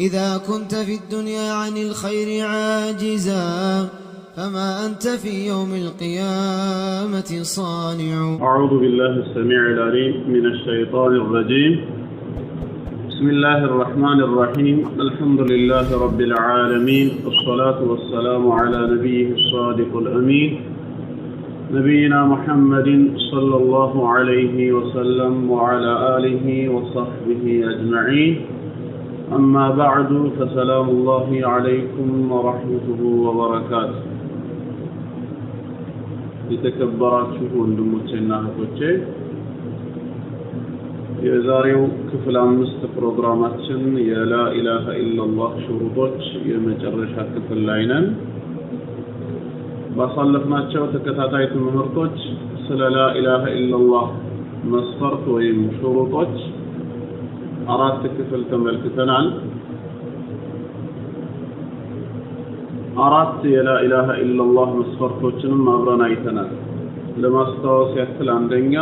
إذا كنت في الدنيا عن الخير عاجزا فما أنت في يوم القيامة صانع أعوذ بالله السميع العليم من الشيطان الرجيم بسم الله الرحمن الرحيم الحمد لله رب العالمين والصلاة والسلام على نبيه الصادق الأمين نبينا محمد صلى الله عليه وسلم وعلى آله وصحبه أجمعين أما بعد فسلام الله عليكم ورحمته وبركاته የተከበራችሁ ወንድሞቼና እህቶቼ የዛሬው ክፍል አምስት ፕሮግራማችን የላ ኢላሃ ኢላላህ ሽሩጦች የመጨረሻ ክፍል ላይ ነን። ባሳለፍናቸው ተከታታይ ትምህርቶች ስለ ላ ኢላሃ ኢላላህ መስፈርት ወይም ሽሩጦች ஆறாயிரத்துக்கு செலுத்துங்கள் இதனால் አራት የላ ኢላሃ ኢላላህ መስፈርቶችንም አብረን አይተናል። ለማስታወስ ያክል አንደኛ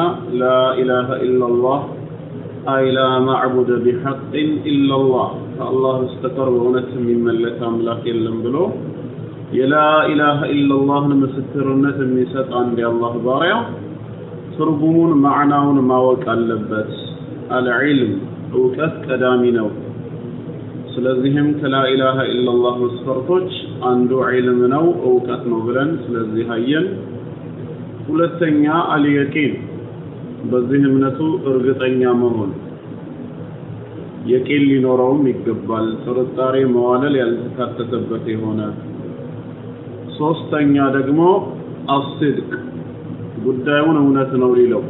ላ ኢላሃ ኢላላህ አይ ላ ማዕቡደ ቢሐቅን ኢላላህ ከአላህ በስተቀር በእውነት የሚመለክ አምላክ የለም ብሎ የላ ኢላሃ ኢላላህን ምስክርነት የሚሰጥ አንድ የአላህ ባሪያ ትርጉሙን ማዕናውን ማወቅ አለበት አልዕልም እውቀት ቀዳሚ ነው። ስለዚህም ከላኢላሃ ኢላላህ መስፈርቶች አንዱ ዒልም ነው እውቀት ነው ብለን ስለዚህ አየን። ሁለተኛ አልየቂን በዚህ እምነቱ እርግጠኛ መሆን የቂን ሊኖረውም ይገባል። ጥርጣሬ መዋለል ያልተካተተበት የሆነ ሶስተኛ ደግሞ አስድቅ ጉዳዩን እውነት ነው ሊለው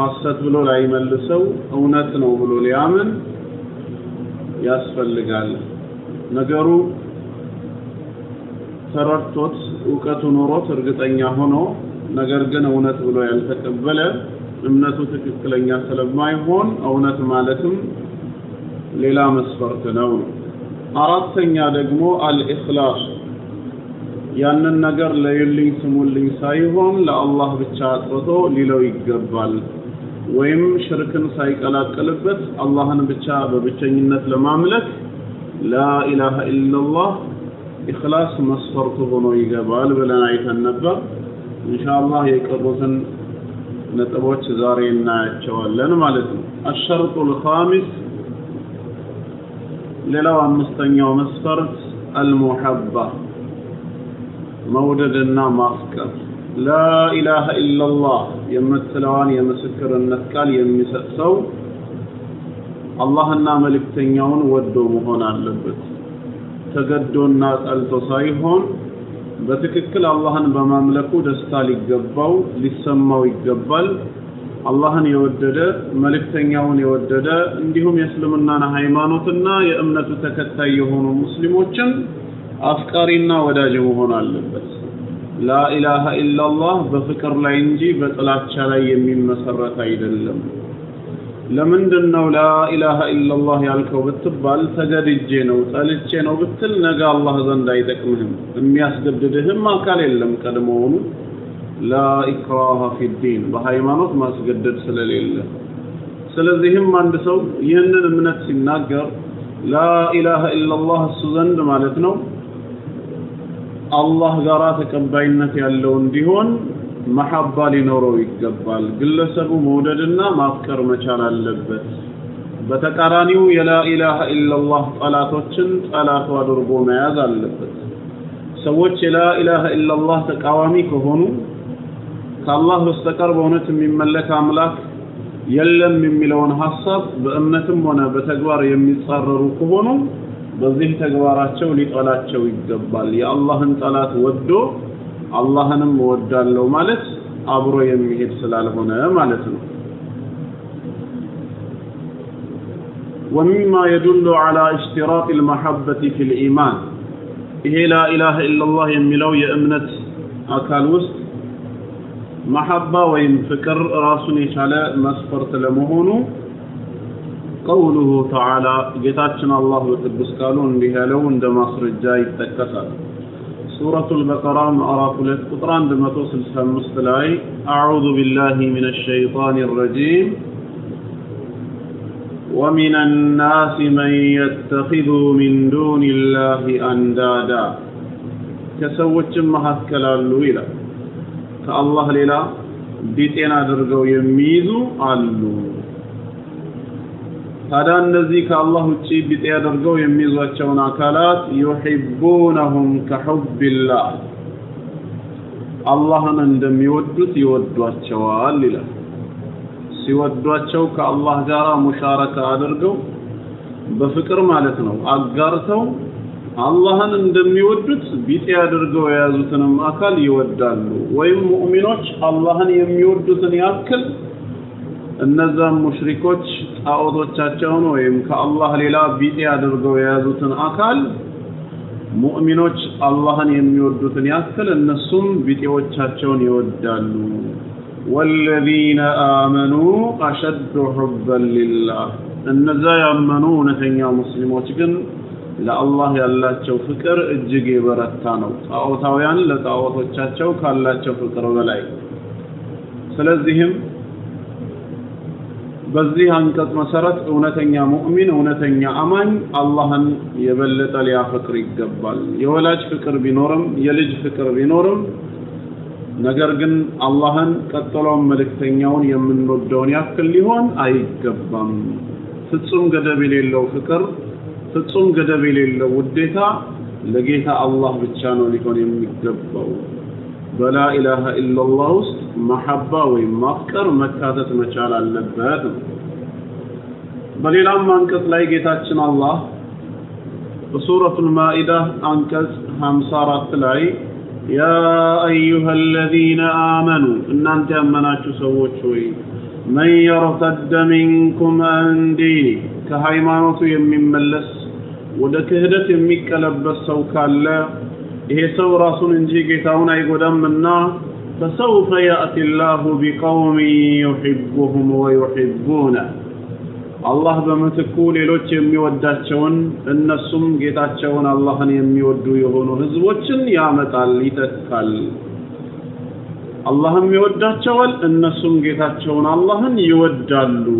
ሐሰት ብሎ ላይመልሰው እውነት ነው ብሎ ሊያምን ያስፈልጋል። ነገሩ ተረድቶት እውቀቱ ኖሮት እርግጠኛ ሆኖ ነገር ግን እውነት ብሎ ያልተቀበለ እምነቱ ትክክለኛ ስለማይሆን እውነት ማለትም ሌላ መስፈርት ነው። አራተኛ ደግሞ አልኢኽላስ ያንን ነገር ለይልኝ ስሙልኝ ሳይሆን ለአላህ ብቻ አጥርቶ ሊለው ይገባል። ወይም ሽርክን ሳይቀላቀልበት አላህን ብቻ በብቸኝነት ለማምለክ ላኢላሃ ኢላላህ ኢኽላስ መስፈርቱ ሆኖ ይገባል ብለን አይተን ነበር። ኢንሻአላህ የቀሩትን ነጥቦች ዛሬ እናያቸዋለን ማለት ነው። አሸርጡል ኻሚስ ሌላው አምስተኛው መስፈርት አልሙሐባ መውደድና ማፍቀር لا إله የምትለዋን የምስክርነት ቃል يمسكر النكال አላህና መልእክተኛውን ወዶ መሆን አለበት። ተገዶና ጠልቶ ሳይሆን በትክክል አላህን በማምለኩ ደስታ ሊገባው ሊሰማው ይገባል። አላህን የወደደ መልእክተኛውን የወደደ እንዲሁም የእስልምናን ሃይማኖትና የእምነቱ ተከታይ የሆኑ ሙስሊሞችን አፍቃሪና ወዳጅ መሆን አለበት። ላኢላሃ ኢላላህ በፍቅር ላይ እንጂ በጥላቻ ላይ የሚመሰረት አይደለም። ለምንድን ነው ላኢላሃ ኢላላህ ያልከው ብትባል፣ ተገድጄ ነው ጠልቼ ነው ብትል ነገ አላህ ዘንድ አይጠቅምህም። የሚያስገድድህም አካል የለም። ቀድሞውኑ ላኢክራሃ ፊዲን በሃይማኖት ማስገደድ ስለሌለ፣ ስለዚህም አንድ ሰው ይህንን እምነት ሲናገር ላኢላሃ ኢላላህ እሱ ዘንድ ማለት ነው አላህ ጋራ ተቀባይነት ያለው እንዲሆን መሐባ ሊኖረው ይገባል። ግለሰቡ መውደድና ማፍቀር መቻል አለበት። በተቃራኒው የላኢላሃ ኢላላህ ጠላቶችን ጠላቱ አድርጎ መያዝ አለበት። ሰዎች የላኢላሃ ኢላላህ ተቃዋሚ ከሆኑ ከአላህ በስተቀር በእውነት የሚመለክ አምላክ የለም የሚለውን ሀሳብ በእምነትም ሆነ በተግባር የሚጻረሩ ከሆኑ በዚህ ተግባራቸው ሊጠላቸው ይገባል የአላህን ጠላት ወዶ አላህንም ወዳለው ማለት አብሮ የሚሄድ ስላልሆነ ማለት ነው ወሚማ የዱሉ على اشتراط المحبة ፊል ኢማን ይሄ ላ ኢለላህ የሚለው የእምነት አካል ውስጥ መሐባ ወይም ፍቅር ራሱን የቻለ መስፈርት ለመሆኑ قوله تعالى ጌታችን الله በቅዱስ بها እንዲህ ያለው እንደ ማስረጃ سورة البقرة قطران القطران توصل سلسلة مستلعي أعوذ بالله من الشيطان الرجيم ومن الناس من يتخذ من دون الله أندادا كسوت مهات هكلا إلى كالله للا بيتنا درجو يميزو ألو ታዲያ እነዚህ ከአላህ ውጪ ቢጤ አድርገው የሚይዟቸውን አካላት ዩሒቡነሁም ከሑብላህ አላህን እንደሚወዱት ይወዷቸዋል ይላል። ሲወዷቸው ከአላህ ጋር ሙሻረካ አድርገው በፍቅር ማለት ነው አጋርተው አላህን እንደሚወዱት ቢጤ አድርገው የያዙትንም አካል ይወዳሉ። ወይም ሙእሚኖች አላህን የሚወዱትን ያክል እነዛም ሙሽሪኮች ጣዖቶቻቸውን ወይም ከአላህ ሌላ ቢጤ አድርገው የያዙትን አካል ሙእሚኖች አላህን የሚወዱትን ያክል እነሱም ቢጤዎቻቸውን ይወዳሉ። ወለዚነ አመኑ አሸዱ ሑበን ሊላህ፣ እነዛ ያመኑ እውነተኛ ሙስሊሞች ግን ለአላህ ያላቸው ፍቅር እጅግ የበረታ ነው፣ ጣዖታውያን ለጣዖቶቻቸው ካላቸው ፍቅር በላይ። ስለዚህም በዚህ አንቀጽ መሰረት እውነተኛ ሙእሚን እውነተኛ አማኝ አላህን የበለጠ ሊያፈቅር ይገባል። የወላጅ ፍቅር ቢኖርም የልጅ ፍቅር ቢኖርም ነገር ግን አላህን ቀጥሎም መልእክተኛውን የምንወደውን ያክል ሊሆን አይገባም። ፍጹም ገደብ የሌለው ፍቅር፣ ፍጹም ገደብ የሌለው ውዴታ ለጌታ አላህ ብቻ ነው ሊሆን የሚገባው። በላ ኢላሃ ኢላላህ ውስጥ መሐባ ወይም ማፍቀር መካተት መቻል አለበት። ነው በሌላም አንቀጽ ላይ ጌታችን አላህ በሱረቱል ማኢዳ አንቀጽ 54 ላይ ያ አዩሃ አለዚነ አመኑ እናንተ ያመናችሁ ሰዎች ሆይ መን የርተደ ሚንኩም አን ዲኒ ከሃይማኖቱ የሚመለስ ወደ ክህደት የሚቀለበስ ሰው ካለ ይሄ ሰው ራሱን እንጂ ጌታውን አይጎዳምና فسوف يأتي الله بقوم يحبهم ويحبونه الله بما تقول يمي وداتشون ان السم جيتاتشون الله ان يمي ودو يهونو هزوتشن يا متال يتكال اللهم يوداتشون ان السم جيتاتشون الله ان يودالو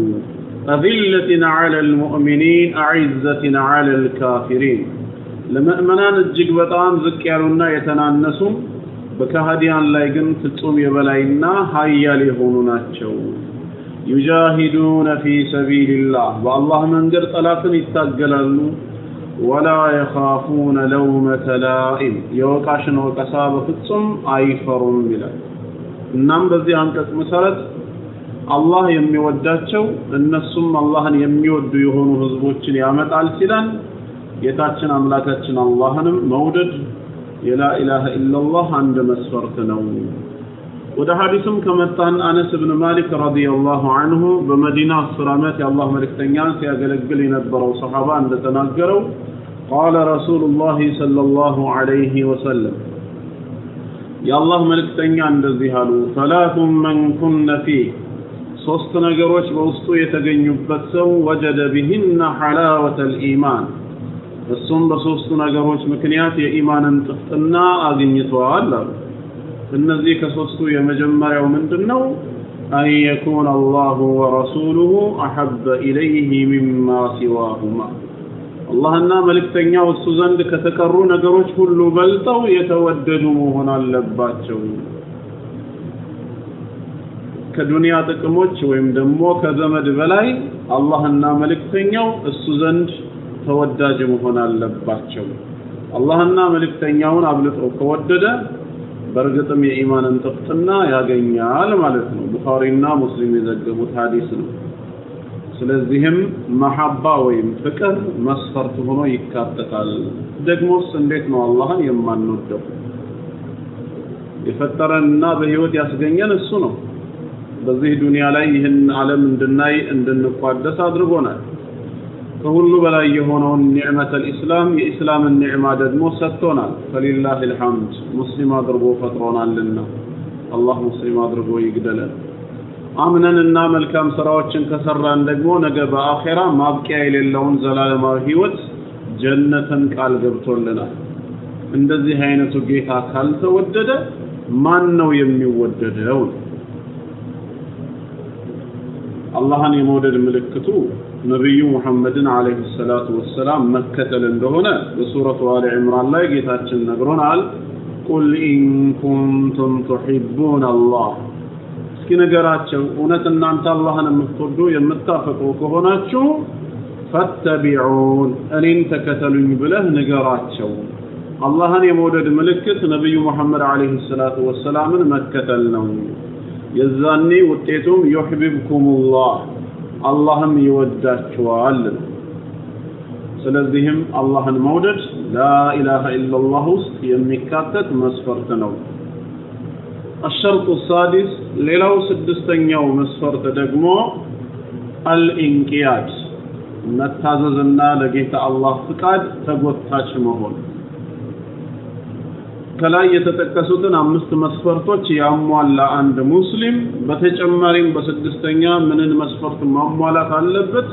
أذلة على المؤمنين أعزة على الكافرين لما أمنان الجيك بطان زكيرونا يتنان نسوم በከሃዲያን ላይ ግን ፍጹም የበላይና ሀያል የሆኑ ናቸው። ዩጃሂዱነ ፊ ሰቢልላህ በአላህ መንገድ ጠላትን ይታገላሉ። ወላ የኻፉነ ለውመተ ላኢም የወቃሽን ወቀሳ በፍጹም አይፈሩም ይላል። እናም በዚህ አንቀጽ መሰረት አላህ የሚወዳቸው እነሱም አላህን የሚወዱ የሆኑ ህዝቦችን ያመጣል ሲላል ጌታችን አምላካችን አላህንም መውደድ يلا إله إلا الله عند مسفرت نوم وده حديثم كما تان أنس بن مالك رضي الله عنه بمدينة سرامات الله ملك تنجان سيأجل قلين أدبروا صحابا عند تنجروا قال رسول الله صلى الله عليه وسلم يا الله ملك تنجان رضي هالو ثلاث من كن فيه صوصتنا قروش بوسطو يتقن يبتسو وجد بهن حلاوة الإيمان እሱም በሶስቱ ነገሮች ምክንያት የኢማንን ጥፍጥና አግኝተዋል አሉ። እነዚህ ከሶስቱ የመጀመሪያው ምንድነው? አን የኩነ አላሁ ወረሱሉሁ አሐበ ኢለይህ ሚማ ሲዋሁማ አላህና መልእክተኛው እሱ ዘንድ ከተቀሩ ነገሮች ሁሉ በልጠው የተወደዱ መሆን አለባቸው። ከዱንያ ጥቅሞች ወይም ደግሞ ከዘመድ በላይ አላህና መልእክተኛው እሱ ዘንድ ተወዳጅ መሆን አለባቸው። አላህና መልእክተኛውን አብልጦ ከወደደ በእርግጥም የኢማንን ጥፍጥና ያገኛል ማለት ነው። ቡኻሪና ሙስሊም የዘገቡት ሐዲስ ነው። ስለዚህም መሐባ ወይም ፍቅር መስፈርት ሆኖ ይካተታል። ደግሞስ እንዴት ነው አላህን የማንወደው? የፈጠረንና በህይወት ያስገኘን እሱ ነው። በዚህ ዱንያ ላይ ይህን ዓለም እንድናይ እንድንቋደስ አድርጎናል። ከሁሉ በላይ የሆነውን ኒዕመተል ኢስላም የኢስላምን ኒዕማ ደግሞ ሰጥቶናል። ፈሊላህ ልሐምድ ሙስሊም አድርጎ ፈጥሮናልና አላህ ሙስሊም አድርጎ ይግደለን። እና መልካም ስራዎችን ከሰራን ደግሞ ነገ በአኼራ ማብቂያ የሌለውን ዘላለማዊ ህይወት ጀነትን ቃል ገብቶልናል። እንደዚህ አይነቱ ጌታ ካልተወደደ ማን ነው የሚወደደው? አላህን የመውደድ ምልክቱ ነቢዩ ሙሐመድን አለይሂ ሰላቱ ወሰላም መከተል እንደሆነ በሱረቱ አለ ዕምራን ላይ ጌታችን ነግሮናል። ቁል ኢን ኩንቱም ቱሒቡን አላህ እስኪ ነገራቸው እውነት እናንተ አላህን የምትወዱ የምታፈቁ ከሆናችሁ ፈተቢዑን እኔን ተከተሉኝ ብለህ ንገራቸው። አላህን የመውደድ ምልክት ነቢዩ ሙሐመድ አለይሂ ሰላቱ ወሰላምን መከተል ነው። የዛኔ ውጤቱም ዩሕቢብኩሙላህ አላህም ይወዳቸዋል ስለዚህም አላህን መውደድ ላኢላሃ ኢለላህ ውስጥ የሚካተት መስፈርት ነው الشرط السادس ሌላው ስድስተኛው መስፈርት ደግሞ አልኢንቂያድ መታዘዝና ለጌታ አላህ ፍቃድ ተጎታች መሆን ከላይ የተጠቀሱትን አምስት መስፈርቶች ያሟላ አንድ ሙስሊም በተጨማሪም በስድስተኛ ምንን መስፈርት ማሟላት አለበት?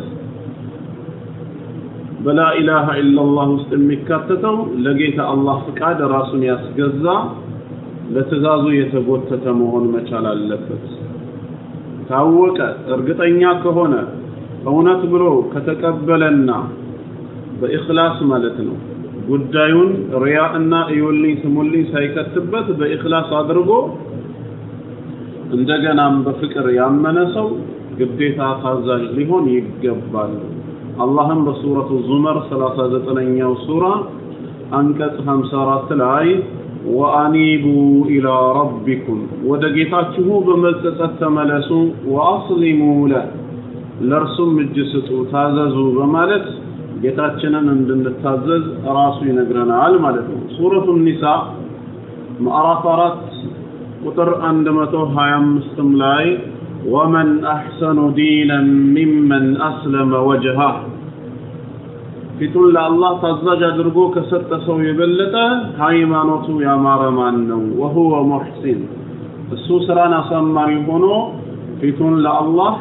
በላ ኢላሃ ኢላላህ ውስጥ የሚካተተው ለጌታ አላህ ፍቃድ ራሱን ያስገዛ ለትእዛዙ የተጎተተ መሆን መቻል አለበት። ታወቀ፣ እርግጠኛ ከሆነ እውነት ብሎ ከተቀበለና በኢኽላስ ማለት ነው ጉዳዩን ሪያ እና እዩልኝ ስሙልኝ ሳይከትበት በኢኽላስ አድርጎ እንደገናም በፍቅር ያመነ ሰው ግዴታ ታዛዥ ሊሆን ይገባል። አላህም በሱረቱ ዙመር 39ኛው ሱራ አንቀጽ 54 ላይ ወአኒቡ ኢላ ረቢኩም ወደ ጌታችሁ በመጸጸት ተመለሱ፣ ወአስሊሙ ለ ለእርሱም እጅ ስጡ ታዘዙ በማለት ጌታችንን እንድንታዘዝ ራሱ ይነግረናል ማለት ነው ሱረቱ ኒሳ ምዕራፍ 4 ቁጥር 125 ላይ ወመን አሕሰኑ ዲናን ሚመን አስለመ ወጅሃህ ፊቱን ለአላህ ታዛዥ አድርጎ ከሰጠ ሰው የበለጠ ሃይማኖቱ ያማረ ማን ነው? ወሁወ ሙሕሲን እሱ ስራን አሳማሪ ሆኖ ፊቱን ለአላህ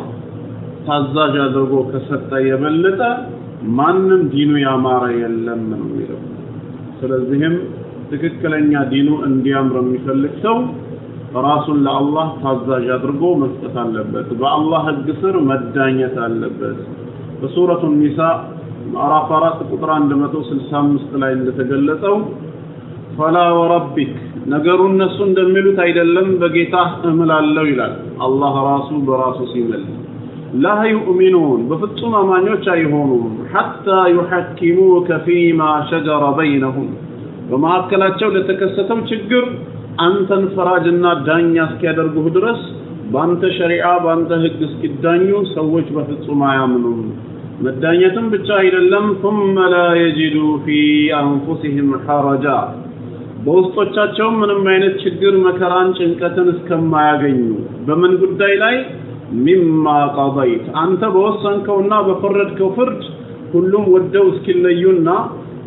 ታዛዥ አድርጎ ከሰጠ የበለጠ ማንም ዲኑ ያማረ የለም ነው የሚለው። ስለዚህም ትክክለኛ ዲኑ እንዲያምር የሚፈልግ ሰው ራሱን ለአላህ ታዛዥ አድርጎ መስጠት አለበት። በአላህ ህግ ስር መዳኘት አለበት። በሱረቱ ኒሳ ምዕራፍ 4 ቁጥር 165 ላይ እንደተገለጸው ፈላ ወረቢክ ነገሩ እነሱ እንደሚሉት አይደለም፣ በጌታህ እምላለሁ ይላል። አላህ ራሱ በራሱ ሲመልስ لا يؤمنون بفطم أمانيوش يهونون حتى يحكموك فيما شجر بينهم በመካከላቸው ለተከሰተው ችግር አንተን ፈራጅና ዳኛ እስኪያደርጉህ ድረስ በአንተ ሸሪዓ በአንተ ህግ እስኪዳኙ ሰዎች በፍጹም አያምኑም። መዳኘትም ብቻ አይደለም ثم لا يجدوا في أنفسهم حرجا በውስጦቻቸውም ምንም አይነት ችግር መከራን ጭንቀትን እስከማያገኙ በምን ጉዳይ ላይ ሚማ ቀضይት አንተ በወሰንከውና በፈረድከው ፍርድ ሁሉም ወደው እስኪለዩና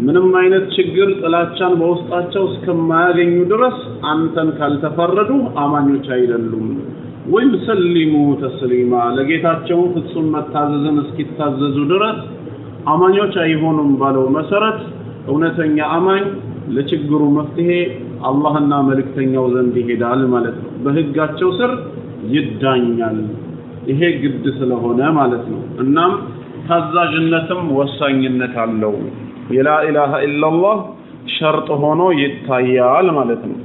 ምንም አይነት ችግር ጥላቻን በውስጣቸው እስከማያገኙ ድረስ አንተን ካልተፈረዱ አማኞች አይደሉም ወይም ሰሊሙ ተስሊማ ለጌታቸው ፍጹም መታዘዝን እስኪታዘዙ ድረስ አማኞች አይሆኑም ባለው መሰረት እውነተኛ አማኝ ለችግሩ መፍትሄ አላህና መልእክተኛው ዘንድ ይሄዳል ማለት ነው በህጋቸው ስር ይዳኛል ይሄ ግድ ስለሆነ ማለት ነው። እናም ታዛዥነትም ወሳኝነት አለው። የላ ኢላሃ ኢላላህ ሸርጥ ሆኖ ይታያል ማለት ነው።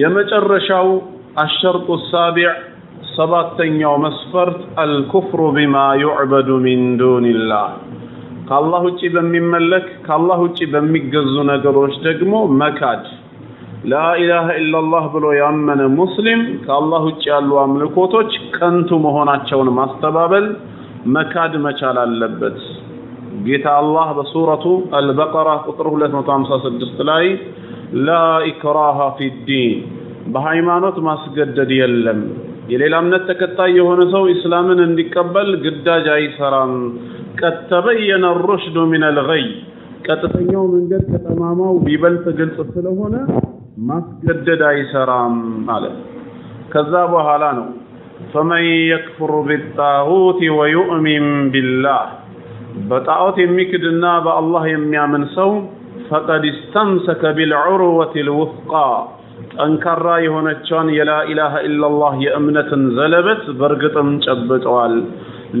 የመጨረሻው አሸርጡ ሳቢዕ ሰባተኛው መስፈርት አልኩፍሩ ቢማ ዩዕበዱ ሚን ዱንላህ ከአላህ ውጪ በሚመለክ ከአላህ ውጭ በሚገዙ ነገሮች ደግሞ መካድ ላኢላሃ ኢላላህ ብሎ ያመነ ሙስሊም ከአላህ ውጭ ያሉ አምልኮቶች ከንቱ መሆናቸውን ማስተባበል መካድ መቻል አለበት። ጌታ አላህ በሱረቱ አልበቀራ ቁጥር 256 ላይ ላ ኢክራሃ ፊዲን በሃይማኖት ማስገደድ የለም። የሌላ እምነት ተከታይ የሆነ ሰው ኢስላምን እንዲቀበል ግዳጅ አይሰራም። ቀድ ተበየነ ሩሽዱ ሚነል ገይ ቀጥተኛው መንገድ ከጠማማው ቢበልጥ ግልጽ ስለሆነ ማስገደድ አይሰራም አለ። ከዛ በኋላ ነው ፈመን የክፍር ቢጣሁት ወዩእሚን ቢላህ በጣዖት የሚክድና በአላህ የሚያምን ሰው ፈቀድ ስተምሰከ ቢልዑርወት ልውፍቃ ጠንካራ የሆነችዋን የላኢላሃ ኢላላህ የእምነትን ዘለበት በእርግጥም ጨብጠዋል።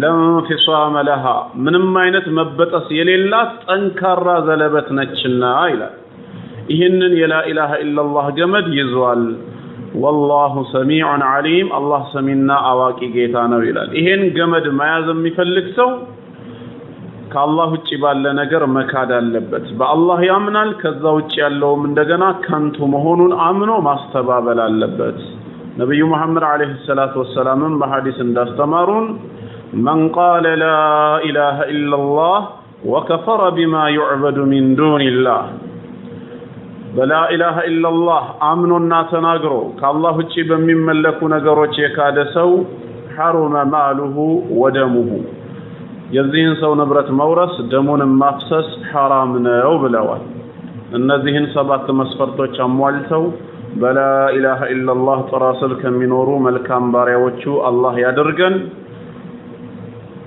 ለንፊሳመ ለሃ ምንም አይነት መበጠስ የሌላት ጠንካራ ዘለበት ነችና ይላል። ይህንን የላ ኢለላህ ኢላላህ ገመድ ይዟል። ወላሁ ሰሚዑን ዓሊም አላህ ሰሚና አዋቂ ጌታ ነው ይላል። ይሄን ገመድ መያዝ የሚፈልግ ሰው ከአላህ ውጭ ባለ ነገር መካድ አለበት። በአላህ ያምናል። ከዛ ውጭ ያለውም እንደገና ከንቱ መሆኑን አምኖ ማስተባበል አለበት። ነቢዩ መሐመድ ዓለይሂ ሰላቱ ወሰላምም በሐዲስ እንዳስተማሩን መን ቃለ ላ ኢላሃ ኢለላህ ወከፈረ ቢማ ዩዕበዱ ሚን ዱኒላህ በላ ኢላሃ ኢላላህ አምኖና ተናግሮ ከአላህ ውጪ በሚመለኩ ነገሮች የካደ ሰው ሐሩመ ማሉሁ ወደሙሁ የዚህን ሰው ንብረት መውረስ ደሙንም ማፍሰስ ሐራም ነው ብለዋል። እነዚህን ሰባት መስፈርቶች አሟልተው በላ ኢላሃ ኢላላህ ጥራ ስር ከሚኖሩ መልካም ባሪያዎቹ አላህ ያድርገን!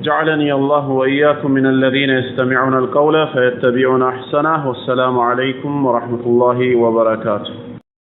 جعلني الله وإياكم من الذين يستمعون القول فيتبعون أحسنه والسلام عليكم ورحمة الله وبركاته